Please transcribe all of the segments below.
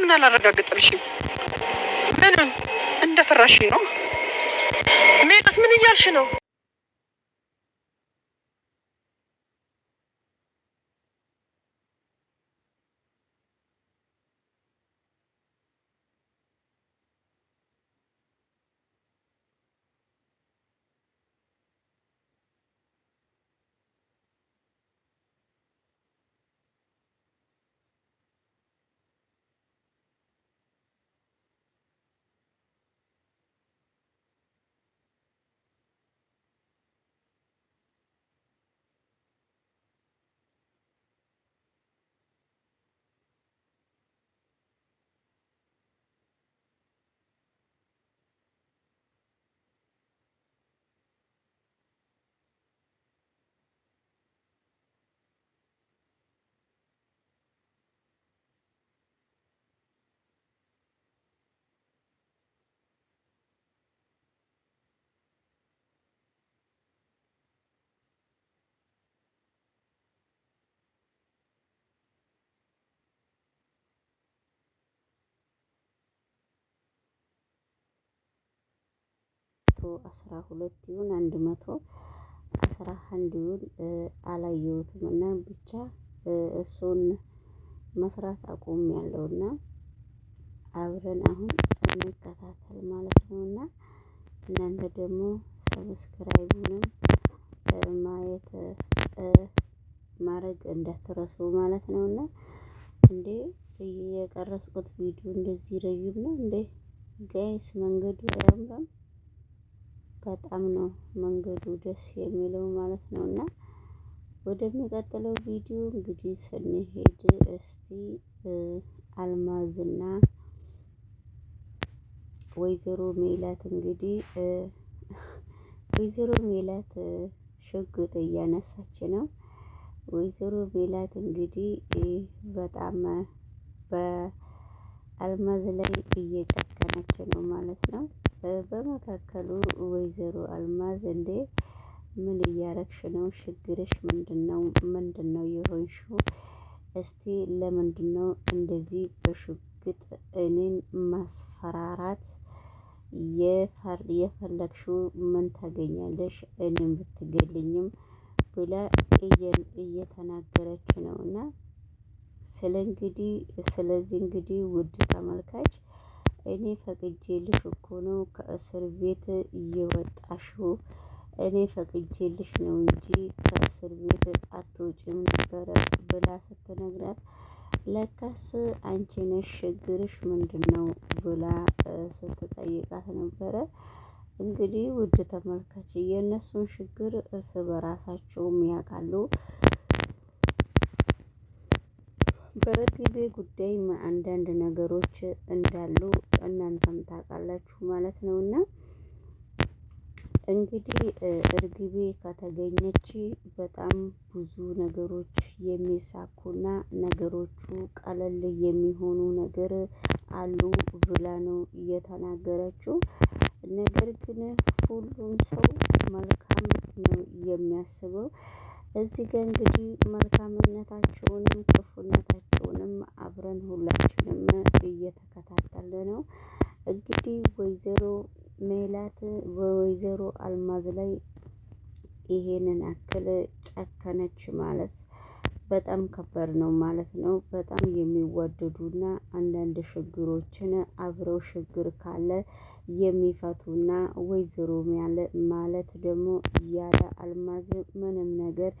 ለምን አላረጋግጥልሽም? ምንም እንደፈራሽ ነው ሜላት። ምን እያልሽ ነው? አስራ ሁለት ይሁን አንድ መቶ አስራ አንድ ይሁን አላየሁትም እና ብቻ እሱን መስራት አቁሜያለሁ እና አብረን አሁን እንከታተል ማለት ነው እና እናንተ ደግሞ ሰብስክራይቡንም ማየት ማድረግ እንዳትረሱ ማለት ነው እና እንዴ የቀረጽኩት ቪዲዮ እንደዚህ ረጅም ነው እንዴ ጋይስ መንገዱ አያምራም በጣም ነው መንገዱ ደስ የሚለው ማለት ነው። እና ወደሚቀጥለው ቪዲዮ እንግዲህ ስንሄድ እስቲ አልማዝና ወይዘሮ ሜላት እንግዲህ ወይዘሮ ሜላት ሽጉጥ እያነሳች ነው። ወይዘሮ ሜላት እንግዲህ በጣም በአልማዝ ላይ እየጨከነች ነው ማለት ነው። በመካከሉ ወይዘሮ አልማዝ እንዴ ምን እያረግሽ ነው? ችግርሽ ምንድን ነው የሆንሽው? እስቲ ነው እንደዚህ በሽጉጥ እኔን ማስፈራራት የፈለግሽው? ምን ታገኛለሽ? እኔም ብትገልኝም ብላ እየተናገረች እና ስለ እንግዲህ ስለዚህ እንግዲህ ውድ ተመልካች እኔ ፈቅጄልሽ እኮ ነው ከእስር ቤት እየወጣሽው። እኔ ፈቅጄልሽ ነው እንጂ ከእስር ቤት አትውጭም ነበረ ብላ ስትነግራት ለካስ አንቺ ነሽ ችግርሽ ምንድን ነው ብላ ስትጠይቃት ነበረ። እንግዲህ ውድ ተመልካች የእነሱን ችግር እርስ በራሳቸውም ያውቃሉ። በእርግቤ ጉዳይ አንዳንድ ነገሮች እንዳሉ እናንተም ታውቃላችሁ ማለት ነው። እና እንግዲህ እርግቤ ከተገኘች በጣም ብዙ ነገሮች የሚሳኩና ነገሮቹ ቀለል የሚሆኑ ነገር አሉ ብላ ነው እየተናገረችው። ነገር ግን ሁሉም ሰው መልካም ነው የሚያስበው እዚህ ጋር እንግዲህ መልካምነታቸውንም ክፉነታቸውንም አብረን ሁላችንም እየተከታተል ነው። እንግዲህ ወይዘሮ ሜላት በወይዘሮ አልማዝ ላይ ይሄንን አክል ጨከነች ማለት በጣም ከባድ ነው ማለት ነው። በጣም የሚዋደዱና አንዳንድ ችግሮችን አብረው ችግር ካለ የሚፈቱና ወይዘሮ ማለት ደግሞ ያለ አልማዝ ምንም ነገር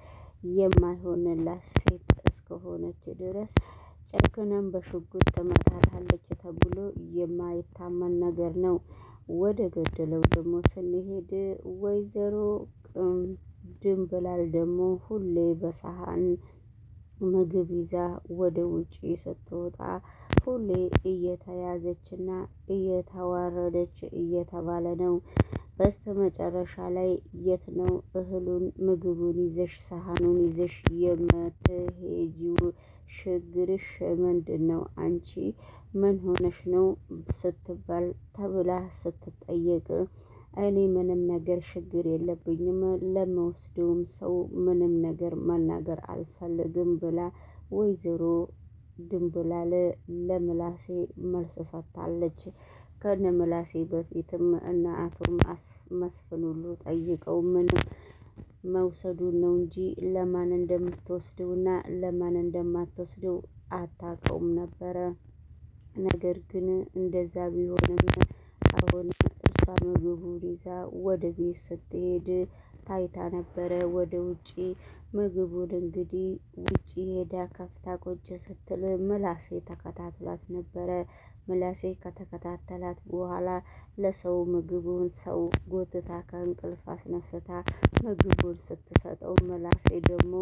የማይሆንላት ሴት እስከሆነች ድረስ ጨክነን በሽጉጥ ትመታታለች ተብሎ የማይታመን ነገር ነው። ወደ ገደለው ደግሞ ስንሄድ ወይዘሮ ድንብላል ደግሞ ሁሌ በሳህን ምግብ ይዛ ወደ ውጪ ስትወጣ ሁሌ እየተያዘችና እየተዋረደች እየተባለ ነው። በስተመጨረሻ ላይ የት ነው እህሉን ምግቡን ይዘሽ ሳህኑን ይዘሽ የምትሄጂው? ችግርሽ ምንድን ነው? አንቺ ምን ሆነሽ ነው ስትባል ተብላ ስትጠየቅ እኔ ምንም ነገር ችግር የለብኝም ለመወስደውም ሰው ምንም ነገር መናገር አልፈልግም ብላ ወይዘሮ ድንብላል ለምላሴ መልስ ሰጥታለች። ከነ ምላሴ በፊትም እና አቶ መስፍን ሁሉ ጠይቀው ምንም መውሰዱን ነው እንጂ ለማን እንደምትወስደው እና ለማን እንደማትወስደው አታውቀውም ነበረ። ነገር ግን እንደዛ ቢሆንም ሆነ እሷ ምግቡን ይዛ ወደ ቤት ስትሄድ ታይታ ነበረ። ወደ ውጪ ምግቡን እንግዲህ ውጪ ሄዳ ከፍታ ቁጭ ስትል ምላሴ ተከታትሏት ነበረ። ምላሴ ከተከታተላት በኋላ ለሰው ምግቡን ሰው ጎትታ ከእንቅልፍ አስነስታ ምግቡን ስትሰጠው ምላሴ ደግሞ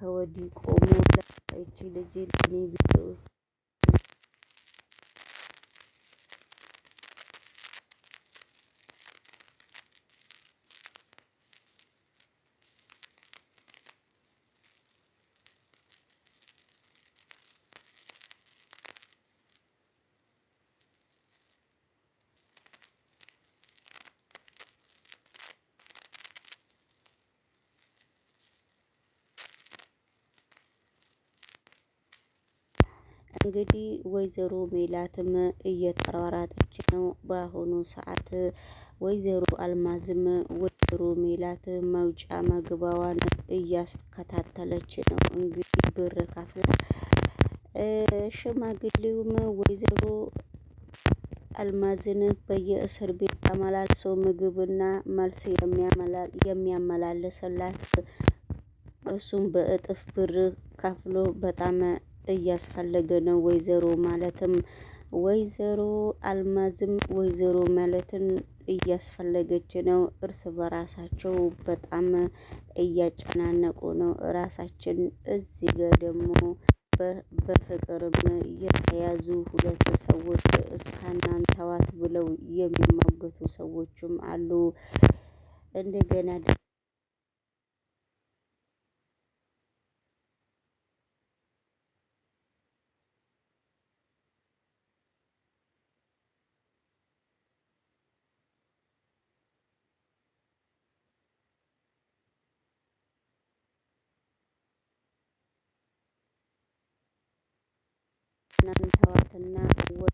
ከወዲህ ቆሞ ለእቺ ልጅ ቢ እንግዲህ ወይዘሮ ሜላትም እየተራራጠች ነው። በአሁኑ ሰዓት ወይዘሮ አልማዝም ወይዘሮ ሜላት መውጫ መግባዋን እያስከታተለች ነው። እንግዲህ ብር ከፍላ ሽማግሌውም ወይዘሮ አልማዝን በየእስር ቤት አመላልሶ ምግብና መልስ የሚያመላልስላት እሱም በእጥፍ ብር ከፍሎ በጣም እያስፈለገ ነው። ወይዘሮ ማለትም ወይዘሮ አልማዝም ወይዘሮ ማለትን እያስፈለገች ነው። እርስ በራሳቸው በጣም እያጨናነቁ ነው። ራሳችን እዚህ ጋር ደግሞ በፍቅርም የተያዙ ሁለት ሰዎች እሷናን ተዋት ብለው የሚሟገቱ ሰዎችም አሉ። እንደገና ተዋትና ወ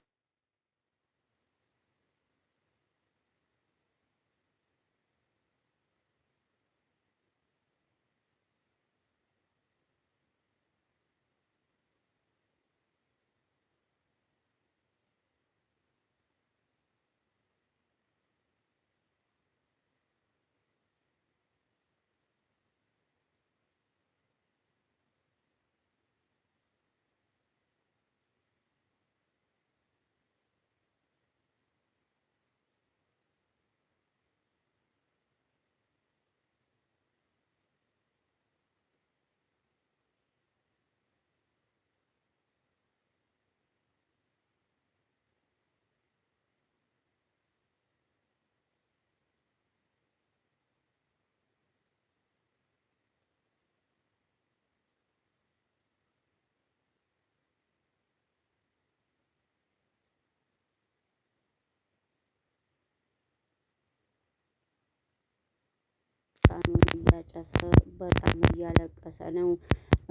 እጣኑን እያጨሰ በጣም እያለቀሰ ነው።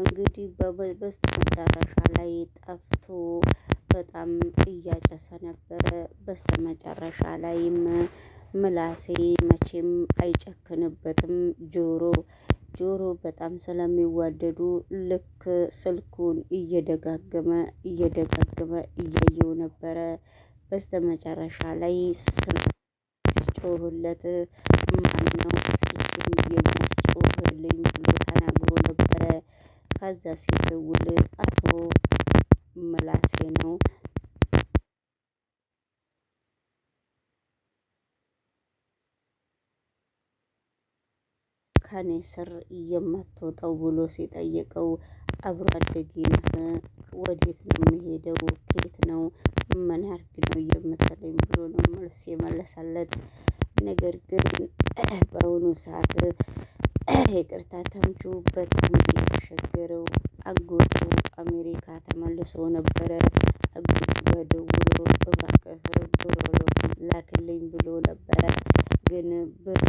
እንግዲህ በስተመጨረሻ ላይ ጠፍቶ በጣም እያጨሰ ነበረ። በስተመጨረሻ ላይም ምላሴ መቼም አይጨክንበትም ጆሮ ጆሮ በጣም ስለሚዋደዱ ልክ ስልኩን እየደጋገመ እየደጋገመ እያየው ነበረ። በስተመጨረሻ ላይ ስልክ ሲጮህለት ነው። የሚያስጮህልኝ ብሎ ተናግሮ ነበረ። ከዛ ሲደውል አቶ መላሴ ነው። ከኔ ስር የማትወጣው ብሎ ሲጠይቀው አብሮ አደጌ ወዴት ነው የምሄደው፣ ከየት ነው ምን አድርግ ነው የምትለኝ ብሎ ነው መልስ የመለሰለት። ነገር ግን በአሁኑ ሰዓት ይቅርታ ተምቹ በጣም የተሸገረው አጎቱ አሜሪካ ተመልሶ ነበረ። አጎቱ በደውሎ እባክህ ብር ላክልኝ ብሎ ነበረ ግን ብር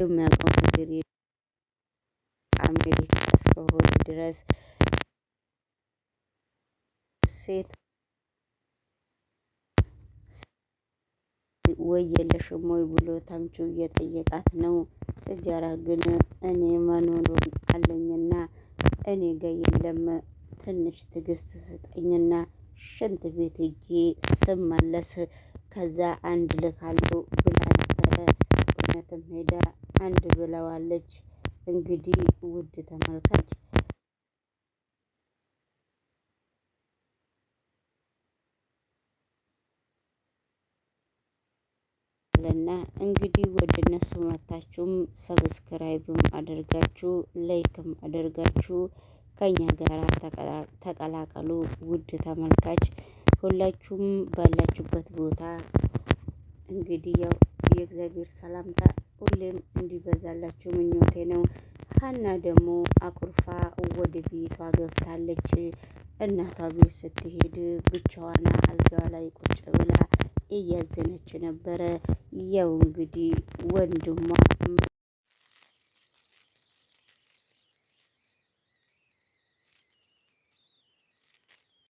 የሚያውቀው ነገር አሜሪካ እስከሆነ ድረስ ሴት ወይ የለሽም ወይ ብሎ ተምቹ እየጠየቃት ነው። ስጀራ ግን እኔ መኖሩን አለኝና እኔ ጋ የለም፣ ትንሽ ትግስት ስጠኝና ሽንት ቤት ሄጄ ስመለስ ከዛ አንድ ልካሉ ብላ ነበረ። እውነትም ሄዳ አንድ ብለዋለች። እንግዲህ ውድ ተመልካች አለና እንግዲህ ወደ እነሱ መታችሁም ሰብስክራይብም አድርጋችሁ ላይክም አድርጋችሁ ከኛ ጋር ተቀላቀሉ። ውድ ተመልካች ሁላችሁም ባላችሁበት ቦታ እንግዲህ ያው የእግዚአብሔር ሰላምታ ሁሌም እንዲበዛላችሁ ምኞቴ ነው። ሀና ደግሞ አኩርፋ ወደ ቤቷ ገብታለች። እናቷ ቤት ስትሄድ ብቻዋን አልጋ ላይ ቁጭ ብላ እያዘነች ነበረ። ያው እንግዲህ ወንድሟ